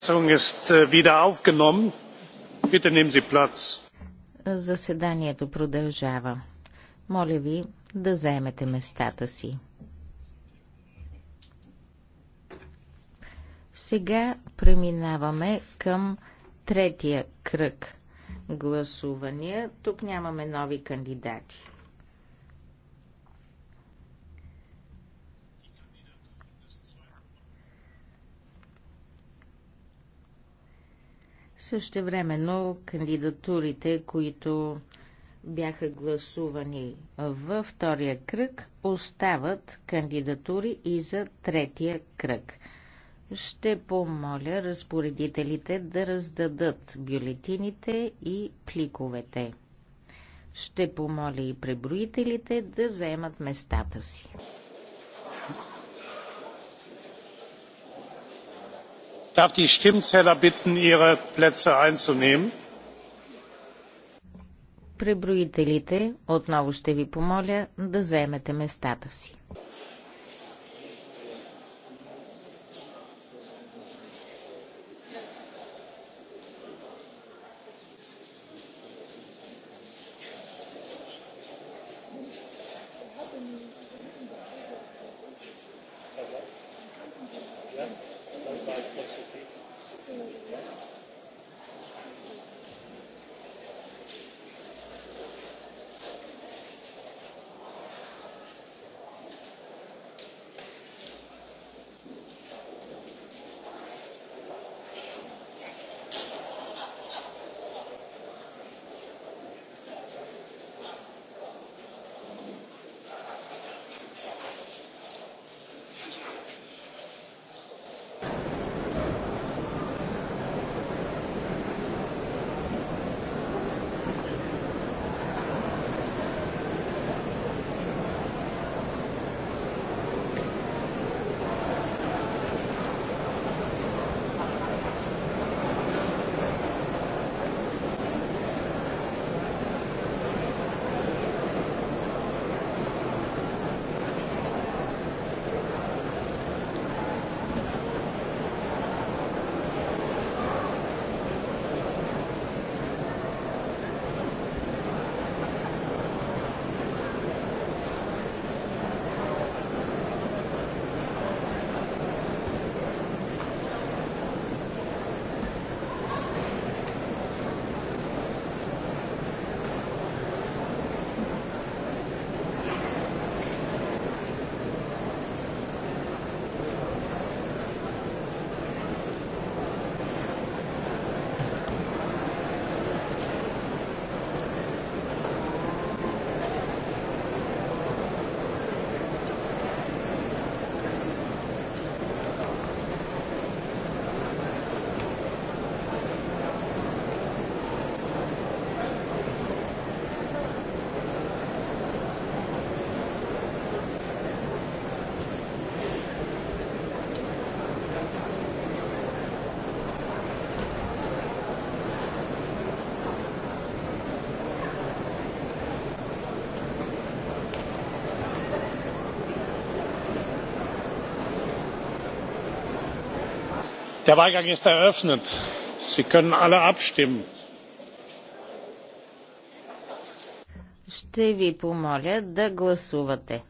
sitzung ist äh, wieder aufgenommen. Bitte nehmen Sie Platz. Заседанието продължава. Моля ви да заемете местата си. Сега преминаваме към третия кръг гласувания. Тук нямаме нови кандидати. Също времено кандидатурите, които бяха гласувани във втория кръг, остават кандидатури и за третия кръг. Ще помоля разпоредителите да раздадат бюлетините и пликовете. Ще помоля и преброителите да заемат местата си. darf die stimmzähler bitten ihre plätze einzunehmen. преброителите отново ще ви помоля да заемете местата си. der wahlgang ist eröffnet. sie können alle abstimmen. Ще ви помоля да гласувате.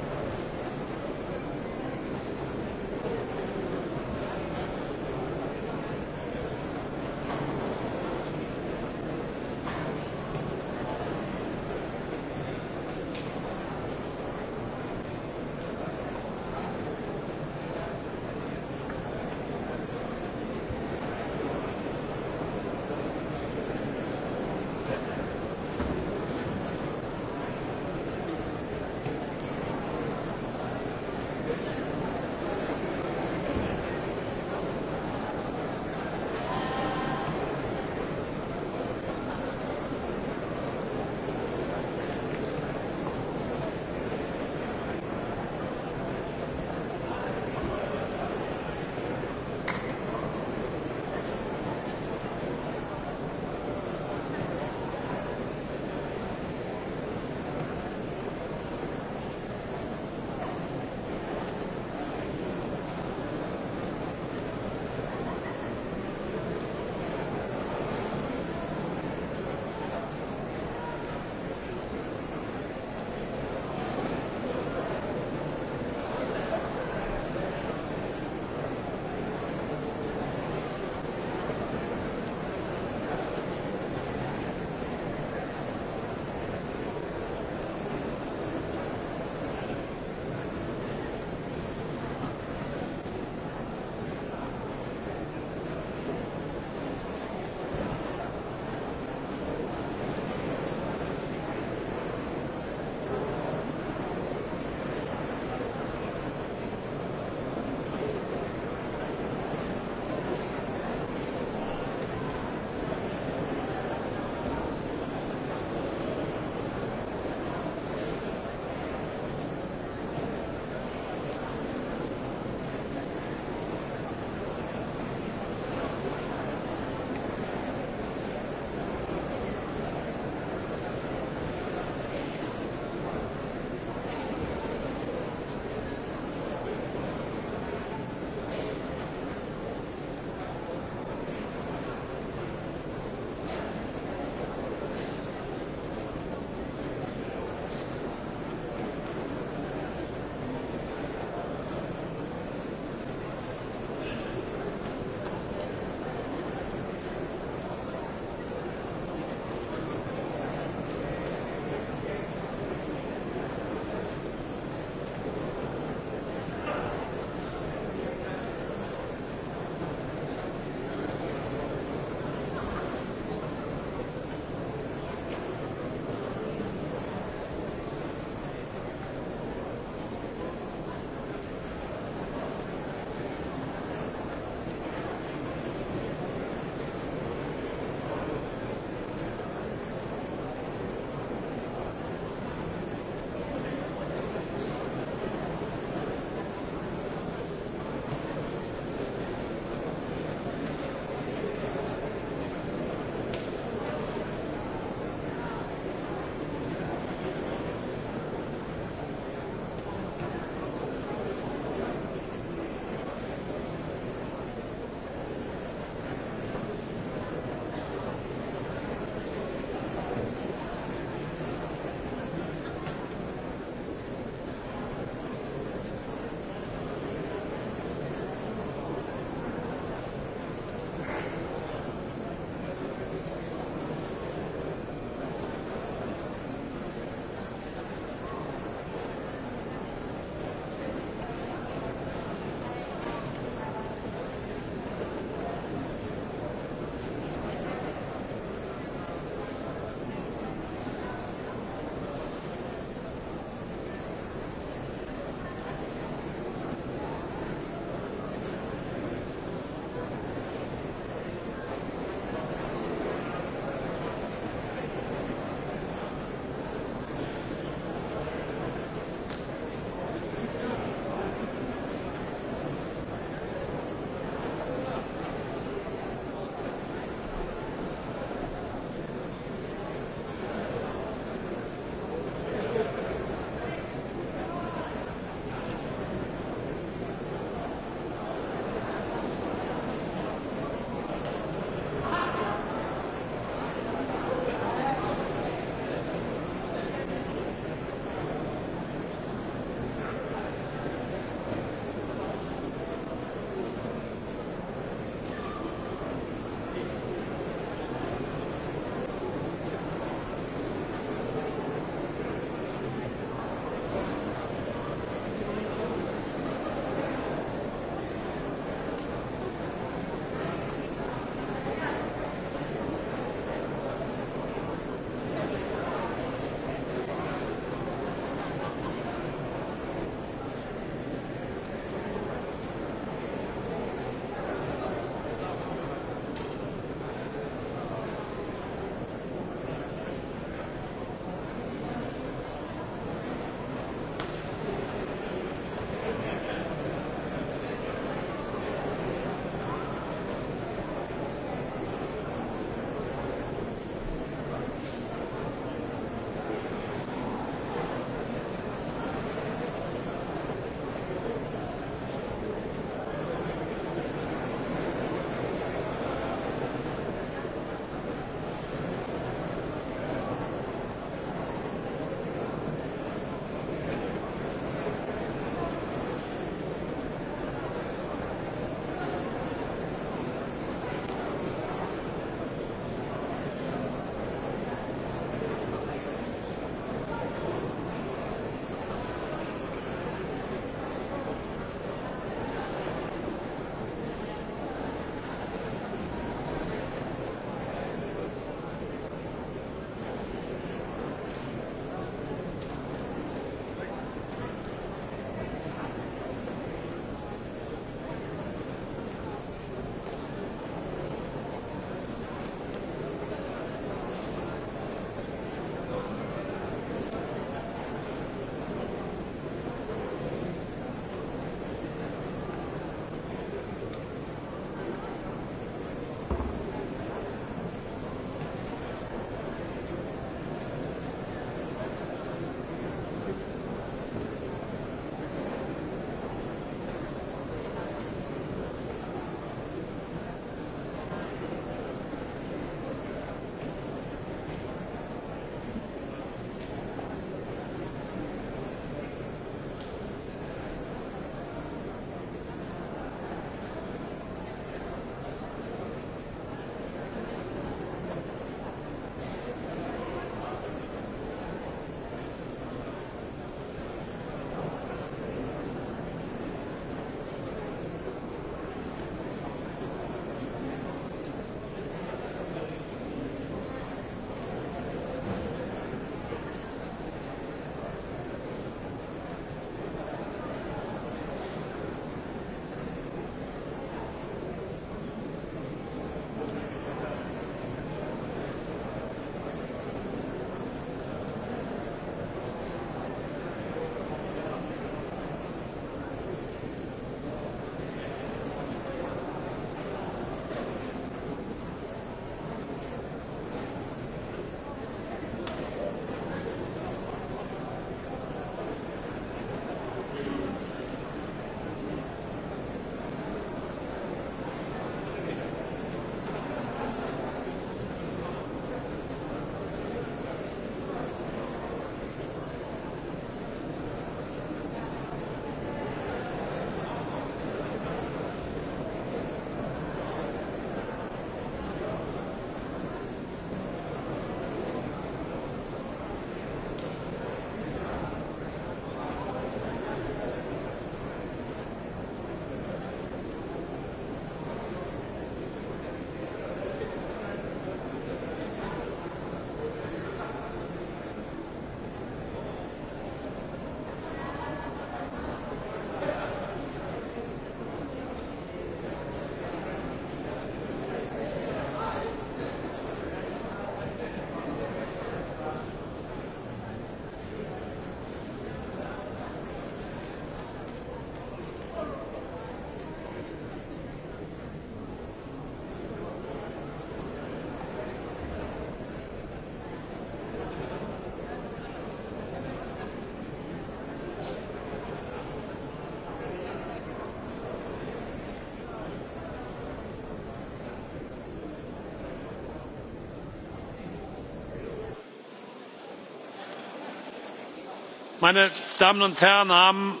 meine damen und herren haben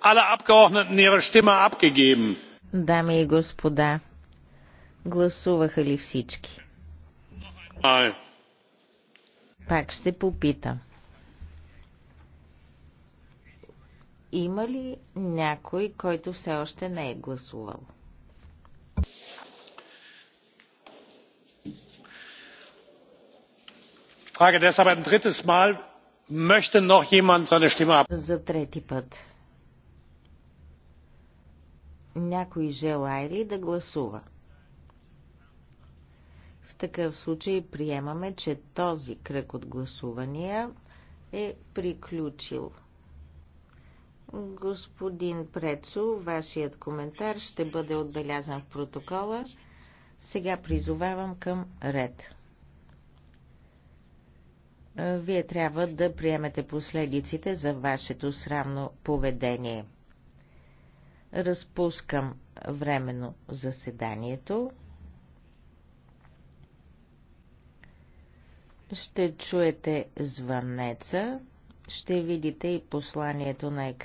alle abgeordneten ihre stimme abgegeben? noch einmal. Пак ще попитам. Има ли някой, който все още не е гласувал? Фрага, deshalb ein drittes мал, Möchte noch jemand seine Stimme ab? За трети път. Някой желая ли да гласува? В такъв случай приемаме, че този кръг от гласувания е приключил. Господин Прецо, вашият коментар ще бъде отбелязан в протокола. Сега призовавам към ред. Е, вие трябва да приемете последиците за вашето срамно поведение. Разпускам временно заседанието. Ще чуете звънеца, ще видите и посланието на екрана.